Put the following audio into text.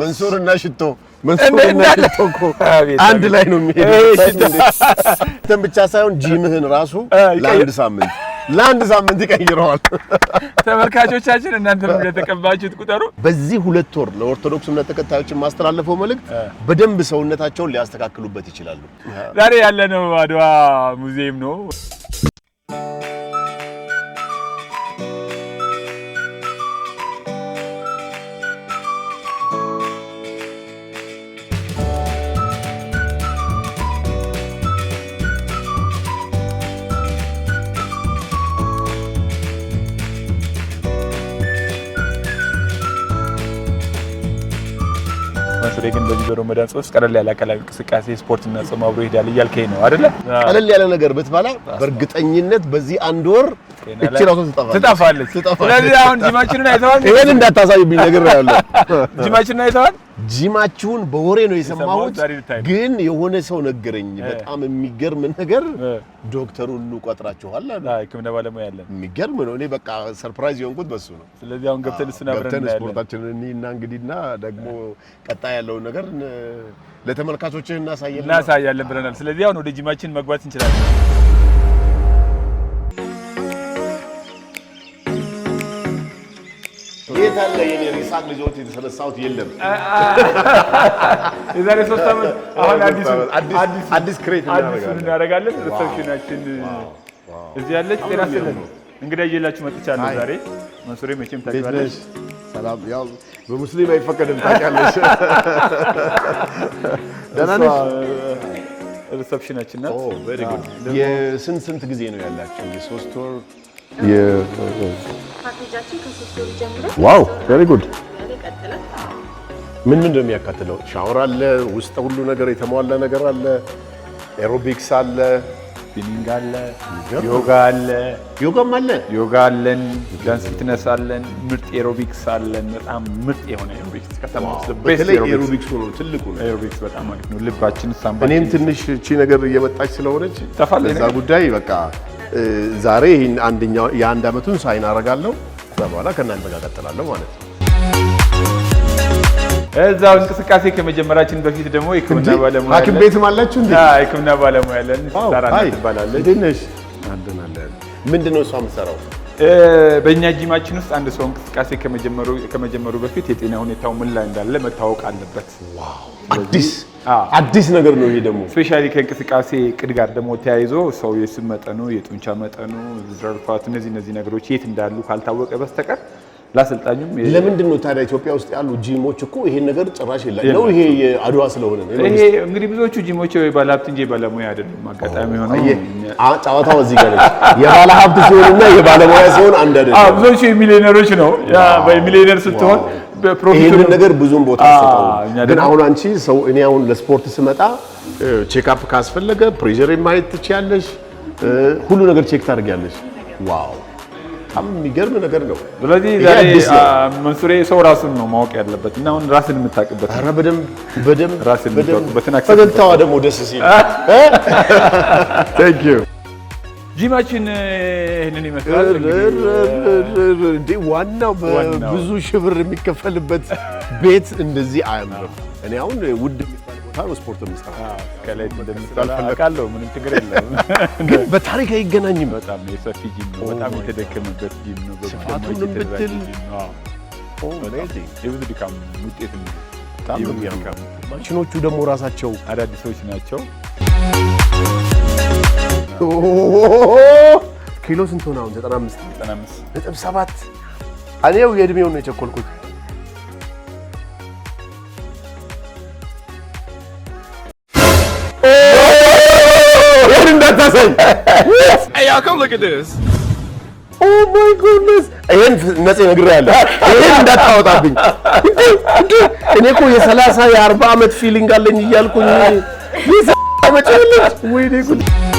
መንሱር እና ሽቶ አንድ ላይ ነው የሚሄደው። እንትን ብቻ ሳይሆን ጂምህን ራሱ ለአንድ ሳምንት ለአንድ ሳምንት ይቀይረዋል። ተመልካቾቻችን እናንተ እንደተቀባችሁት ቁጠሩ። በዚህ ሁለት ወር ለኦርቶዶክስ እምነት ተከታዮች ማስተላለፈው መልእክት በደንብ ሰውነታቸውን ሊያስተካክሉበት ይችላሉ። ዛሬ ያለነው አድዋ ሙዚየም ነው። ዛሬ ግን በዚህ በረመዳን ጾም ቀለል ያለ አካላዊ እንቅስቃሴ ስፖርትና ጾም አብሮ ይሄዳል እያልከኝ ነው አይደለ? ቀለል ያለ ነገር ብትበላ በእርግጠኝነት በዚህ አንድ ወር እቺ ራሱ ትጠፋለች። ስለዚህ አሁን ጂማችንን አይተዋል። ይሄን እንዳታሳዩብኝ ነገር ያለው ጂማችንን አይተዋል። ጂማችሁን በወሬ ነው የሰማሁት፣ ግን የሆነ ሰው ነገረኝ። በጣም የሚገርም ነገር ዶክተሩ ሁሉ ቆጥራችኋል አለ። ሕክምና ባለሙያ ያለን የሚገርም ነው። እኔ በቃ ሰርፕራይዝ የሆንኩት በሱ ነው። ስለዚህ አሁን ገብተን እሱን አብረን ስፖርታችንን እኔና እንግዲህና ደግሞ ቀጣይ ያለውን ነገር ለተመልካቾችህ እናሳያለን ብለናል። ስለዚህ አሁን ወደ ጂማችን መግባት እንችላለን። የት አለ የኔ ይስሐቅ ልጆች የተሰነሳሁት የለም። የዛሬ ሶስት ዓመት አሁን አዲስ ክሬት እናደርጋለን። ሪሰፕሽናችን እዚህ ያለች ጤና ስለን እንግዳ እየላችሁ መጥቻለሁ ዛሬ። መንሱሬ መቼም ታውቂዋለሽ፣ በሙስሊም አይፈቀድም ታውቂያለሽ። ደህና ነሽ? ሪሰፕሽናችን ናት። የስንት ስንት ጊዜ ነው ያላችሁ? የሶስት ወር ዋው ቬሪ ጉድ። ምን ምን ነው የሚያካትለው? ሻወር አለ፣ ውስጥ ሁሉ ነገር የተሟላ ነገር አለ፣ ኤሮቢክስ አለ፣ ፊሊንግ አለ፣ ዮጋ አለ። ዮጋም አለ፣ ዮጋ አለን፣ ዳንስ ፊትነስ አለን፣ ምርጥ ኤሮቢክስ አለን። በጣም ምርጥ የሆነ ኤሮቢክስ ከተማ ውስጥ ኤሮቢክስ ነው ትልቁ ነው። ኤሮቢክስ በጣም አሪፍ ነው። ልባችን ሳምባ እኔም ትንሽ እቺ ነገር እየመጣች ስለሆነች ተፋለ ጉዳይ በቃ ዛሬ አንደኛው የአንድ ዓመቱን ሳይን አደርጋለሁ። ከዛ በኋላ ከእናንተ ጋር ቀጥላለሁ ማለት ነው። እዛው እንቅስቃሴ ከመጀመራችን በፊት ደግሞ ህክምና ባለሙያ ሐኪም ቤትም አላችሁ እንዴ? ህክምና ባለሙያ ያለን ሳራ ትባላለች። ምንድን ነው እሷ የምትሰራው? በእኛ ጂማችን ውስጥ አንድ ሰው እንቅስቃሴ ከመጀመሩ በፊት የጤና ሁኔታው ምን ላይ እንዳለ መታወቅ አለበት። አዲስ ነገር ነው ይሄ ደግሞ ስፔሻሊ ከእንቅስቃሴ ቅድ ጋር ደግሞ ተያይዞ ሰው የስብ መጠኑ፣ የጡንቻ መጠኑ፣ ዝረርፋት እነዚህ እነዚህ ነገሮች የት እንዳሉ ካልታወቀ በስተቀር ላሰልጣኙም ለምንድን ነው ታዲያ ኢትዮጵያ ውስጥ ያሉ ጂሞች እኮ ይሄን ነገር ጭራሽ ነው? ይሄ የአድዋ ስለሆነ ነው። ይሄ እንግዲህ ብዙዎቹ ጂሞች ባለሀብት እንጂ ባለሙያ አይደሉም። አጋጣሚ ሆኖ ጨዋታው እዚህ ጋር የባለሀብት ሲሆንና የባለሙያ ሲሆን አንድ አይደለም። ብዙዎቹ ነው። ሚሊዮነር ስትሆን ይህንን ነገር ብዙም ቦታ ሰጠው። ግን አሁን አንቺ ሰው እኔ አሁን ለስፖርት ስመጣ ቼክአፕ ካስፈለገ ፕሬዠር ማየት ትችያለሽ። ሁሉ ነገር ቼክ ታደርጊያለሽ። ዋው በጣም የሚገርም ነገር ነው። ስለዚህ ዛሬ መንሱሬ ሰው ራሱን ነው ማወቅ ያለበት እና አሁን ራስን የምታውቅበት በደንብ ራስን የምታውቅበትን ፈገግታዋ ደግሞ ደስ ሲል ጂማችን ይህንን ይመስላል። እንደ ዋናው በብዙ ሺህ ብር የሚከፈልበት ቤት እንደዚህ አያምርም። እኔ አሁን ውድ ታሮ ስፖርት ምስተራ ከላይ እንደምታልፈለቃለሁ ምንም ችግር የለም፣ ግን በታሪክ አይገናኝም። በጣም የሰፊ ጂም ነው። በጣም የተደከመበት ጂም ነው። ብትል የብዙ ድካም ውጤት ነው። ማሽኖቹ ደግሞ ራሳቸው አዳዲሶች ናቸው። ኪሎ ስንት ሆነ አሁን? ዘጠና አምስት ነጥብ ሰባት እኔው የእድሜውን ነው የቸኮልኩት። Hey, y'all come look at this. Oh my goodness! ይሄን ነጽ ነግሬሃለሁ። ይሄን እንዳታወጣብኝ። እኔ እኮ የሰላሳ የአርባ ዓመት ፊሊንግ አለኝ እያልኩኝ ይሳ ወይኔ ጉድ